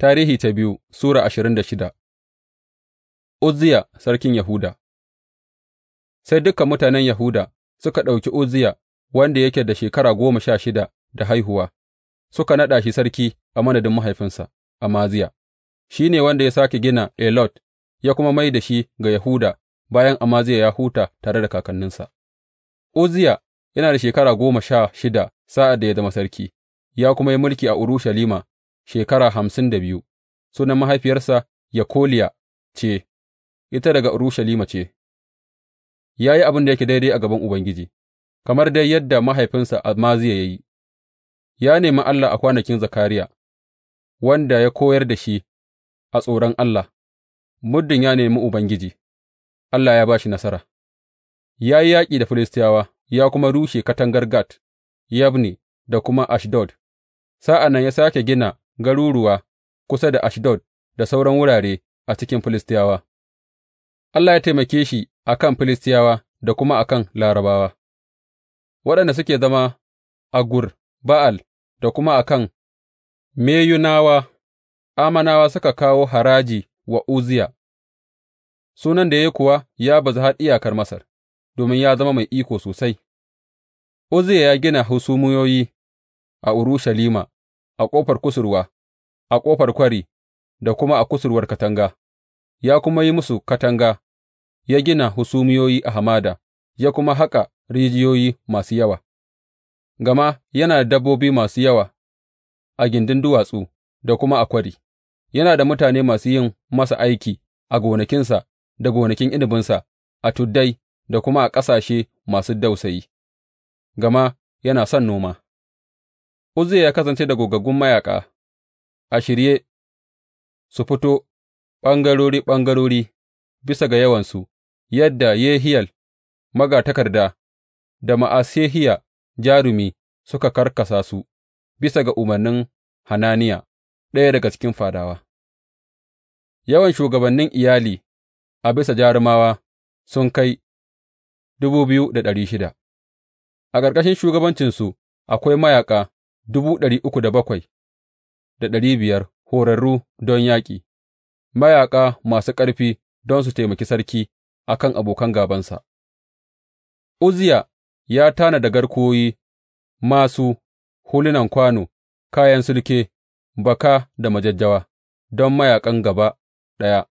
Tarihi ta biyu Sura ashirin da shida Uzziya sarkin Yahuda Sai dukan mutanen Yahuda suka ɗauki Uzziya wanda yake da shekara goma sha shida da haihuwa, suka naɗa shi sarki a manadin mahaifinsa Amaziya, shi ne wanda ya sake gina Elot ya kuma mai da shi ga Yahuda bayan Amaziya ya huta tare da kakanninsa. Uzziya yana da shekara goma sha shida sa'ad da ya zama sarki, ya kuma yi mulki a Urushalima shekara hamsin da biyu, sunan mahaifiyarsa Yakoliya ce, ita daga Urushalima ce, ya yi abin da yake daidai a gaban Ubangiji, kamar dai yadda mahaifinsa Amaziya ya yi, ya nemi Allah a kwanakin Zakariya, wanda ya koyar da shi a tsoron Allah, muddin ya nemi Ubangiji, Allah ya ba shi nasara, ya yi yaƙi da Filistiyawa, ya kuma rushe katangar Gat, YABNI, da kuma Ashdod, sa'an nan ya sake gina garuruwa kusa da Ashdod da sauran wurare a cikin Filistiyawa, Allah ya taimake shi a kan Filistiyawa da kuma a kan Larabawa, waɗanda suke zama a Gur Ba'al da kuma a kan Meyunawa, amanawa suka kawo haraji wa uziya. sunan da ya yi kuwa ya bazu har iyakar Masar, domin ya zama mai iko sosai. Uzziya ya gina husumuyoyi a Urushalima a ƙofar kusurwa, a ƙofar kwari, da kuma a kusurwar katanga, ya kuma yi musu katanga, ya gina husumiyoyi a hamada, ya kuma haƙa rijiyoyi masu yawa, gama yana da dabbobi masu yawa a gindin duwatsu da kuma a kwari, yana da mutane masu yin masa aiki a gonakinsa da gonakin inabinsa, a tuddai da kuma a ƙasashe masu dausayi, gama yana son noma. Uzziya ya kasance da gogaggun mayaƙa a shirye su fito ɓangarori ɓangarori bisa ga yawansu, yadda Yehiyel magatakarda da Ma'asehiya jarumi suka karkasa su bisa ga umarnin Hananiya, ɗaya daga cikin fadawa. Yawan shugabannin iyali a bisa jarumawa sun kai dubu biyu da ɗari shida, a ƙarƙashin shugabancinsu akwai mayaƙa horarru don yaƙi, mayaƙa masu ƙarfi don su taimaki sarki a kan abokan gābansa, Uziya ya tana da garkuwoyi, masu hulunan kwano, kayan sulke, baka da majajjawa don mayaƙan gaba ɗaya.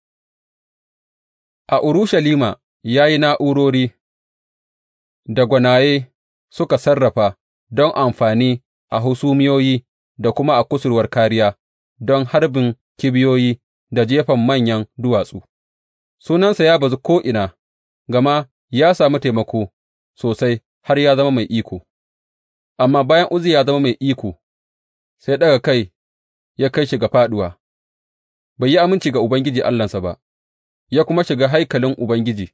A Urushalima ya yi na'urori da gwanaye suka sarrafa don amfani a husumiyoyi da kuma a kusurwar kariya don harbin kibiyoyi da jefan manyan duwatsu. Sunansa ya bazu ko'ina, gama ya sami taimako sosai har ya zama mai iko. Amma bayan uzi ya zama mai iko, sai ɗaga kai ya kai shiga ga fāɗuwa, bai yi aminci ga Ubangiji Allahnsa ba, ya kuma shiga haikalin Ubangiji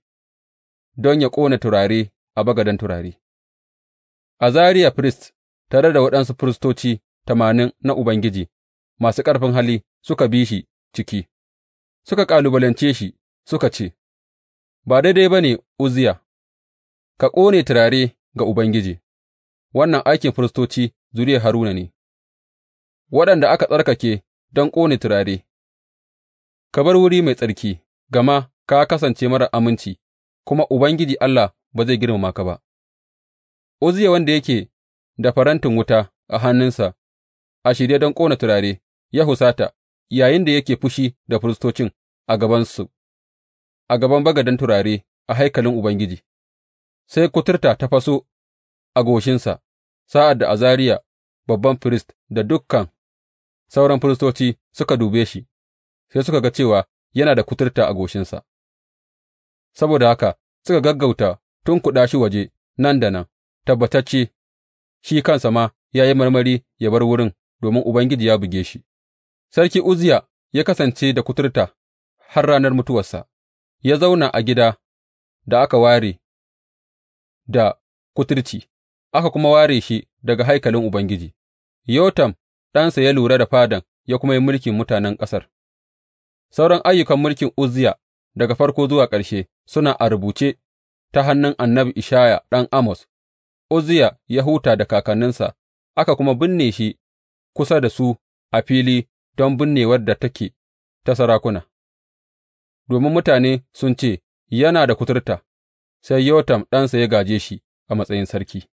don ya ƙona turare a bagaden turare. Azariya firist tare da waɗansu firistoci tamanin na Ubangiji masu ƙarfin hali suka bi shi ciki, suka ƙalubalance shi suka ce, Ba daidai ba ne, Uziya. ka ƙone turare ga Ubangiji, wannan aikin firistoci zuriyar Haruna ne, waɗanda aka tsarkake don ƙone turare, ka bar wuri mai tsarki, gama ka kasance marar aminci, kuma Ubangiji Allah ba zai girmama ka ba. Uziya wanda yake da farantin wuta a hannunsa a shirye don ƙona turare, ya husata yayinda yake fushi da firistocin a gabansu, a gaban bagaden turare a haikalin Ubangiji, sai kuturta ta faso a goshinsa sa'ad da Azariya babban firist da dukkan sauran firistoci suka dube shi, sai suka ga cewa yana da kuturta a goshinsa, saboda haka suka gaggauta tun tunkuɗa shi waje nan da nan, tabbatacce shi kansa ma ya yi marmari ya bar wurin domin Ubangiji ya buge shi, Sarki Uzziya ya kasance da kuturta har ranar mutuwarsa, ya zauna a gida da aka ware da kuturci, aka kuma ware shi daga haikalin Ubangiji, Yotam ɗansa ya lura da fadan ya kuma yi mulkin mutanen ƙasar. Sauran ayyukan mulkin Uzziya daga farko zuwa ƙarshe suna a rubuce ta hannun annabi Ishaya ɗan Amos Uzziya ya huta da kakanninsa, aka kuma binne shi kusa da su a fili don binnewar da take ta sarakuna, domin mutane sun ce, Yana da kuturta, sai Yotam ɗansa ya gaje shi a matsayin sarki.